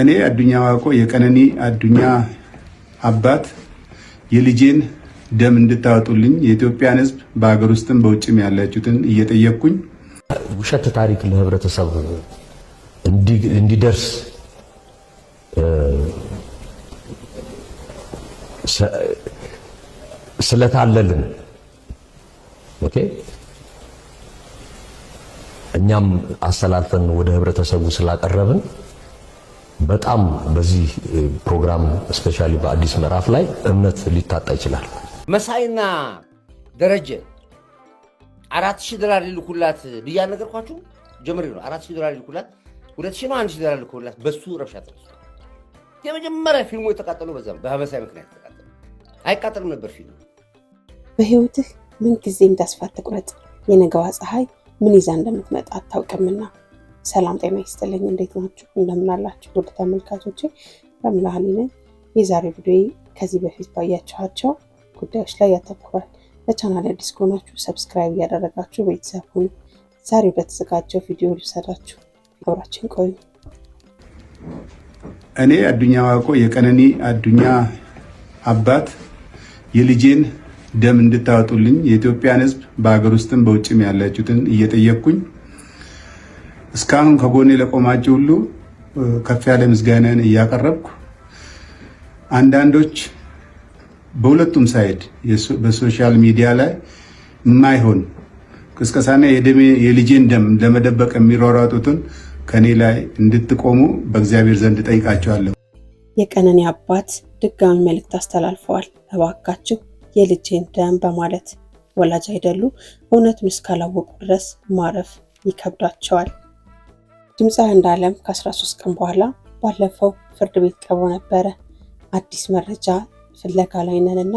እኔ አዱኛ ዋቆ የቀነኒ አዱኛ አባት የልጄን ደም እንድታወጡልኝ የኢትዮጵያን ሕዝብ በሀገር ውስጥም በውጭም ያላችሁትን እየጠየቅኩኝ ውሸት ታሪክ ለህብረተሰብ እንዲደርስ ስለታለልን እኛም አስተላልፈን ወደ ህብረተሰቡ ስላቀረብን በጣም በዚህ ፕሮግራም እስፔሻሊ በአዲስ ምዕራፍ ላይ እምነት ሊታጣ ይችላል። መሳይና ደረጀ አራት ሺህ ዶላር ሊልኩላት ብያ ነገርኳችሁ። ጀመሪ ነው አራት ሺህ ዶላር ሊልኩላት፣ ሁለት ሺህ ነው አንድ ሺህ ዶላር ሊልኩላት። በሱ ረብሻ ተነሱ። የመጀመሪያ ፊልሙ የተቃጠሉ በዛ በመሳይ ምክንያት ተቃጠለ። አይቃጠልም ነበር ፊልሙ። በህይወትህ ምን ጊዜም ተስፋ ትቁረጥ። የነገዋ ፀሐይ ምን ይዛ እንደምትመጣ አታውቅምና ሰላም ጤና ይስጥልኝ። እንዴት ናችሁ? እንደምናላችሁ ውድ ተመልካቾቼ በምልሃሊ ነኝ። ቪዲዮ ከዚህ በፊት ባያችኋቸው ጉዳዮች ላይ ያተኩራል። ለቻናል አዲስ ከሆናችሁ ሰብስክራይብ እያደረጋችሁ ቤተሰብ ሁኑ። ዛሬ በተዘጋጀው ቪዲዮ ልውሰዳችሁ፣ አብራችን ቆዩ። እኔ አዱኛ ዋቆ የቀነኒ አዱኛ አባት የልጄን ደም እንድታወጡልኝ የኢትዮጵያን ሕዝብ በሀገር ውስጥም በውጭም ያላችሁትን እየጠየቅኩኝ እስካሁን ከጎኔ ለቆማችሁ ሁሉ ከፍ ያለ ምስጋናን እያቀረብኩ አንዳንዶች በሁለቱም ሳይድ በሶሻል ሚዲያ ላይ የማይሆን ቅስቀሳና የደሜ የልጄን ደም ለመደበቅ የሚሯሯጡትን ከኔ ላይ እንድትቆሙ በእግዚአብሔር ዘንድ ጠይቃቸዋለሁ። የቀነኔ አባት ድጋሚ መልእክት አስተላልፈዋል። እባካችሁ የልጄን ደም በማለት ወላጅ አይደሉ እውነቱን እስካላወቁ ድረስ ማረፍ ይከብዳቸዋል። ድምፃዊ አንዱዓለም ከ13 ቀን በኋላ ባለፈው ፍርድ ቤት ቀርቦ ነበረ። አዲስ መረጃ ፍለጋ ላይ ነን እና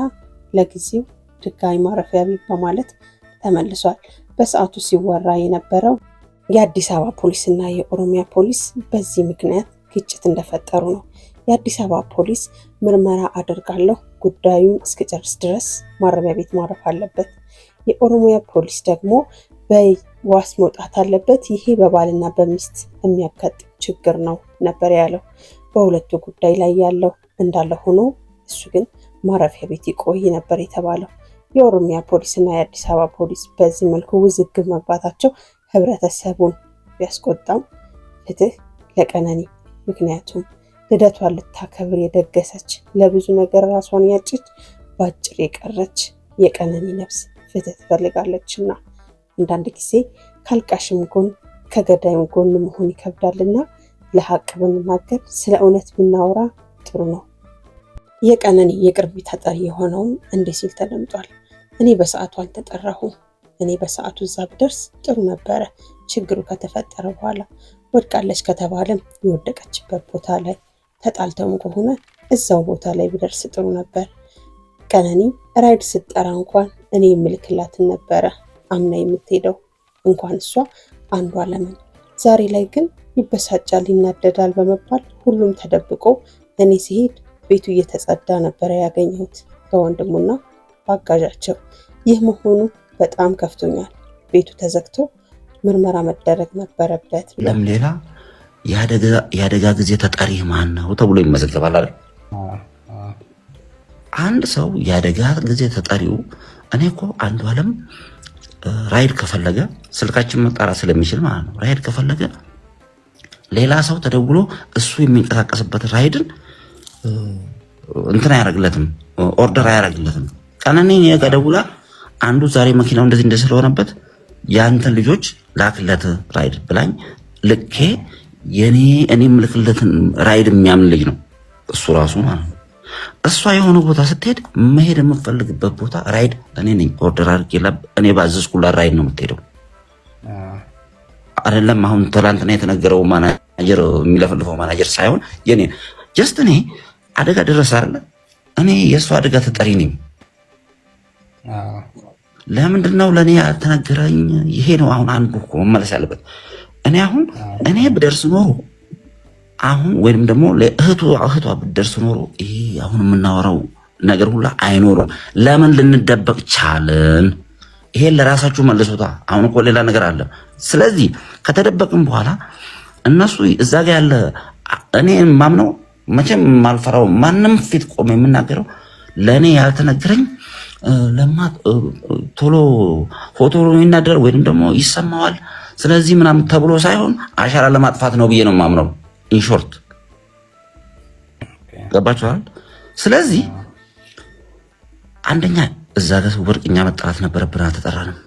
ለጊዜው ድጋሚ ማረፊያ ቤት በማለት ተመልሷል። በሰዓቱ ሲወራ የነበረው የአዲስ አበባ ፖሊስ እና የኦሮሚያ ፖሊስ በዚህ ምክንያት ግጭት እንደፈጠሩ ነው። የአዲስ አበባ ፖሊስ ምርመራ አድርጋለሁ፣ ጉዳዩን እስክጨርስ ድረስ ማረሚያ ቤት ማረፍ አለበት። የኦሮሚያ ፖሊስ ደግሞ ዋስ መውጣት አለበት። ይሄ በባልና በሚስት የሚያጋጥም ችግር ነው ነበር ያለው። በሁለቱ ጉዳይ ላይ ያለው እንዳለ ሆኖ እሱ ግን ማረፊያ ቤት ይቆይ ነበር የተባለው። የኦሮሚያ ፖሊስ እና የአዲስ አበባ ፖሊስ በዚህ መልኩ ውዝግብ መግባታቸው ህብረተሰቡን ቢያስቆጣም ፍትህ ለቀነኒ ምክንያቱም ልደቷን ልታከብር የደገሰች ለብዙ ነገር ራሷን ያጭች በአጭር የቀረች የቀነኒ ነፍስ ፍትህ ትፈልጋለችና አንዳንድ ጊዜ ከልቃሽም ጎን ከገዳይም ጎን መሆን ይከብዳልና ለሀቅ ብንናገር ስለ እውነት ብናወራ ጥሩ ነው። የቀነኒ የቅርብ ተጠሪ የሆነውም እንዲህ ሲል ተደምጧል። እኔ በሰዓቱ አልተጠራሁም። እኔ በሰዓቱ እዛ ብደርስ ጥሩ ነበረ። ችግሩ ከተፈጠረ በኋላ ወድቃለች ከተባለም የወደቀችበት ቦታ ላይ ተጣልተውም ከሆነ እዛው ቦታ ላይ ብደርስ ጥሩ ነበር። ቀነኒ ራይድ ስትጠራ እንኳን እኔ የምልክላትን ነበረ አምና የምትሄደው እንኳን እሷ አንዱ አለምን። ዛሬ ላይ ግን ይበሳጫል፣ ይናደዳል በመባል ሁሉም ተደብቆ እኔ ሲሄድ ቤቱ እየተጸዳ ነበረ ያገኘሁት በወንድሙና በአጋዣቸው። ይህ መሆኑ በጣም ከፍቶኛል። ቤቱ ተዘግቶ ምርመራ መደረግ ነበረበት። ለም ሌላ የአደጋ ጊዜ ተጠሪ ማን ነው ተብሎ ይመዘገባል አይደል? አንድ ሰው የአደጋ ጊዜ ተጠሪው እኔ እኮ አንዱ አለም ራይድ ከፈለገ ስልካችን መጣራ ስለሚችል ማለት ነው። ራይድ ከፈለገ ሌላ ሰው ተደውሎ እሱ የሚንቀሳቀስበት ራይድን እንትን አያደርግለትም፣ ኦርደር አያደርግለትም። ቀነኔ እኔ ጋ ደውላ አንዱ ዛሬ መኪናው እንደዚህ እንደ ስለሆነበት ያንተን ልጆች ላክለት ራይድ ብላኝ ልኬ የኔ እኔ ምልክለትን ራይድ የሚያምን ልጅ ነው እሱ ራሱ ማለት ነው። እሷ የሆነ ቦታ ስትሄድ መሄድ የምፈልግበት ቦታ ራይድ እኔ ነኝ ኦርደር አድርጌ እኔ ባዘዝኩላት ራይድ ነው የምትሄደው። አይደለም አሁን ትላንትና የተነገረው ማናጀር የሚለፈልፈው ማናጀር ሳይሆን የኔ ጀስት እኔ አደጋ ደረሰ አለ እኔ የእሷ አደጋ ተጠሪ ነኝ። ለምንድን ነው ለእኔ ያልተነገረኝ? ይሄ ነው አሁን አንዱ መመለስ ያለበት። እኔ አሁን እኔ ብደርስ ኖሮ አሁን ወይም ደግሞ ለእህቱ እህቷ ብደርስ ኖሮ ይሄ አሁን የምናወራው ነገር ሁላ አይኖርም። ለምን ልንደበቅ ቻልን? ይሄን ለራሳችሁ መልሶታ። አሁን እኮ ሌላ ነገር አለ። ስለዚህ ከተደበቅም በኋላ እነሱ እዛ ጋ ያለ እኔ ማምነው መቼም ማልፈራው ማንም ፊት ቆመ የምናገረው ለእኔ ያልተነገረኝ ለማ ቶሎ ፎቶ ይናደር ወይም ደግሞ ይሰማዋል፣ ስለዚህ ምናምን ተብሎ ሳይሆን አሻራ ለማጥፋት ነው ብዬ ነው ማምነው። ኢንሾርት ገባችኋል። ስለዚህ አንደኛ እዛ ጋር ወርቅኛ መጠራት ነበረብን፣ አልተጠራንም።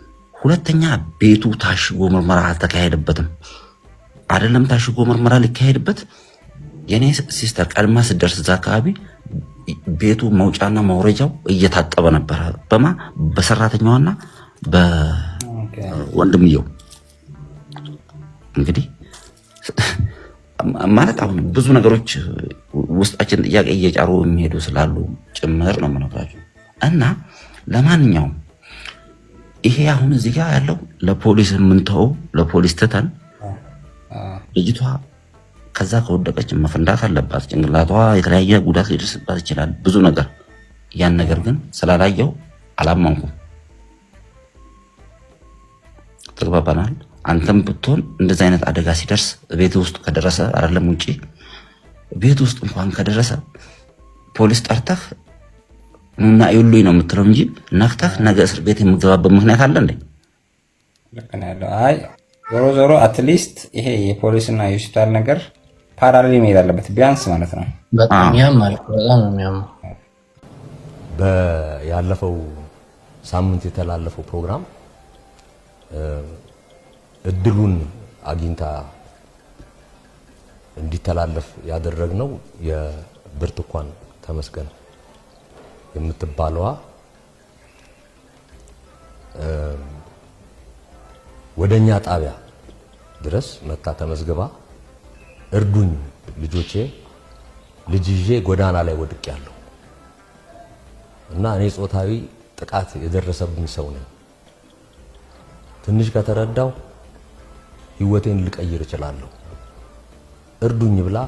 ሁለተኛ ቤቱ ታሽጎ ምርመራ አልተካሄደበትም። አይደለም ታሽጎ ምርመራ ሊካሄድበት የኔ ሲስተር ቀድማ ስደርስ እዛ አካባቢ ቤቱ መውጫና መውረጃው እየታጠበ ነበረ። በማ በሰራተኛዋና በወንድምየው እንግዲህ ማለት አሁን ብዙ ነገሮች ውስጣችን ጥያቄ እየጫሩ የሚሄዱ ስላሉ ጭምር ነው የምነግራቸው እና ለማንኛውም ይሄ አሁን እዚህ ጋር ያለው ለፖሊስ የምንተው ለፖሊስ ትተን ልጅቷ ከዛ ከወደቀች መፈንዳት አለባት። ጭንቅላቷ የተለያየ ጉዳት ሊደርስባት ይችላል፣ ብዙ ነገር። ያን ነገር ግን ስላላየው አላመንኩም። ተግባባናል። አንተም ብትሆን እንደዚህ አይነት አደጋ ሲደርስ ቤት ውስጥ ከደረሰ አይደለም ውጭ ቤት ውስጥ እንኳን ከደረሰ ፖሊስ ጠርተህ ኑና ይሉኝ ነው የምትለው እንጂ ነክተህ ነገ እስር ቤት የምገባበት ምክንያት አለ እንዴ? ዞሮ ዞሮ አትሊስት ይሄ የፖሊስና የሆስፒታል ነገር ፓራሌል መሄድ አለበት ቢያንስ ማለት ነው። ያለፈው ሳምንት የተላለፈው ፕሮግራም እድሉን አግኝታ እንዲተላለፍ ያደረግነው የብርቱካን ተመስገን የምትባለዋ ወደኛ ጣቢያ ድረስ መታ ተመዝግባ እርዱኝ ልጆቼ ልጅ ይዤ ጎዳና ላይ ወድቅ ያለሁ እና እኔ ጾታዊ ጥቃት የደረሰብኝ ሰው ነኝ። ትንሽ ከተረዳው ህይወቴን ልቀይር እችላለሁ እርዱኝ ብላ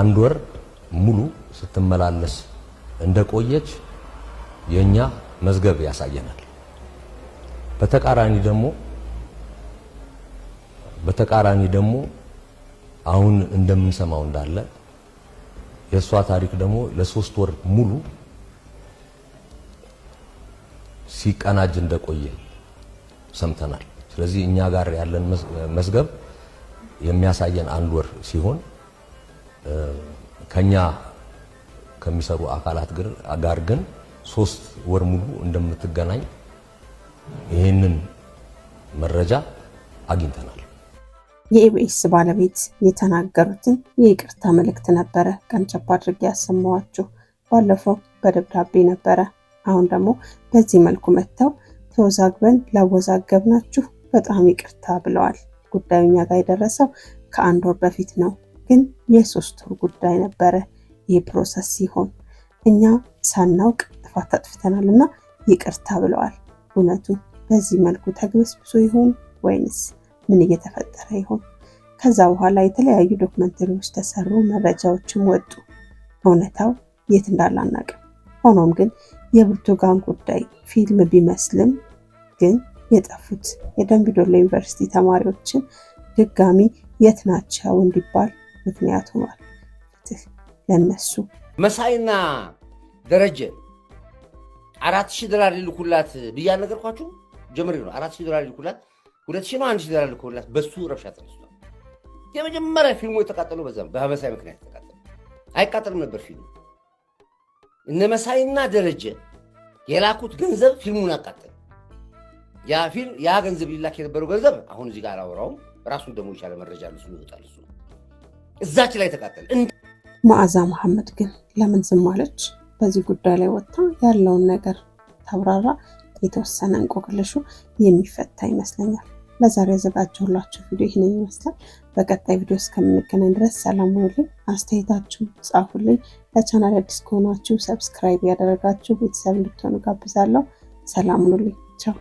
አንድ ወር ሙሉ ስትመላለስ እንደቆየች የእኛ መዝገብ ያሳየናል። በተቃራኒ ደግሞ በተቃራኒ ደግሞ አሁን እንደምንሰማው እንዳለ የእሷ ታሪክ ደግሞ ለሶስት ወር ሙሉ ሲቀናጅ እንደቆየ ሰምተናል። ስለዚህ እኛ ጋር ያለን መዝገብ የሚያሳየን አንድ ወር ሲሆን ከኛ ከሚሰሩ አካላት ጋር ግን ሶስት ወር ሙሉ እንደምትገናኝ ይህንን መረጃ አግኝተናል። የኢቢኤስ ባለቤት የተናገሩትን የይቅርታ መልእክት ነበረ ቀንጨብ አድርጌ ያሰማዋችሁ። ባለፈው በደብዳቤ ነበረ። አሁን ደግሞ በዚህ መልኩ መጥተው ተወዛግበን ላወዛገብ ናችሁ በጣም ይቅርታ ብለዋል። ጉዳዩ እኛ ጋር የደረሰው ከአንድ ወር በፊት ነው፣ ግን የሶስት ወር ጉዳይ ነበረ። ይህ ፕሮሰስ ሲሆን እኛ ሳናውቅ ጥፋት አጥፍተናል እና ይቅርታ ብለዋል። እውነቱ በዚህ መልኩ ተግበስብሶ ይሆን ወይንስ ምን እየተፈጠረ ይሆን? ከዛ በኋላ የተለያዩ ዶክመንተሪዎች ተሰሩ፣ መረጃዎችም ወጡ። እውነታው የት እንዳለ አናውቅም። ሆኖም ግን የብርቱካን ጉዳይ ፊልም ቢመስልም ግን የጠፉት የደምቢዶሎ ዩኒቨርሲቲ ተማሪዎችን ድጋሚ የት ናቸው እንዲባል ምክንያት ሆኗል። ፍትህ ለነሱ። መሳይና ደረጀ አራት ሺህ ዶላር ሊልኩላት ብያ ነገርኳችሁ። ጀምሪ ነው አራት ሺህ ዶላር ሊልኩላት፣ ሁለት ሺህ ነው አንድ ሺህ ዶላር ሊልኩላት። በሱ ረብሻ ተነስቷል። የመጀመሪያ ፊልሙ የተቃጠሉ በዛ በመሳይ ምክንያት የተቃጠሉ አይቃጠልም ነበር ፊልሙ። እነ መሳይና ደረጀ የላኩት ገንዘብ ፊልሙን አቃጠለ። ያ ያ ገንዘብ ሊላክ የነበረው ገንዘብ አሁን እዚህ ጋር አውራውም ራሱን ደግሞ የቻለ መረጃ እነሱ ይወጣል። እሱ እዛች ላይ ተቃጠለ። መዓዛ መሐመድ ግን ለምን ዝም አለች? በዚህ ጉዳይ ላይ ወጥታ ያለውን ነገር ተብራራ፣ የተወሰነ እንቆቅልሹ የሚፈታ ይመስለኛል። ለዛሬ ያዘጋጀሁላችሁ ቪዲዮ ይህን ይመስላል። በቀጣይ ቪዲዮ እስከምንገናኝ ድረስ ሰላም ሁኑልኝ። አስተያየታችሁ ጻፉልኝ። ለቻናል አዲስ ከሆናችሁ ሰብስክራይብ ያደረጋችሁ ቤተሰብ እንድትሆኑ ጋብዛለሁ። ሰላም ሁኑልኝ። ቻው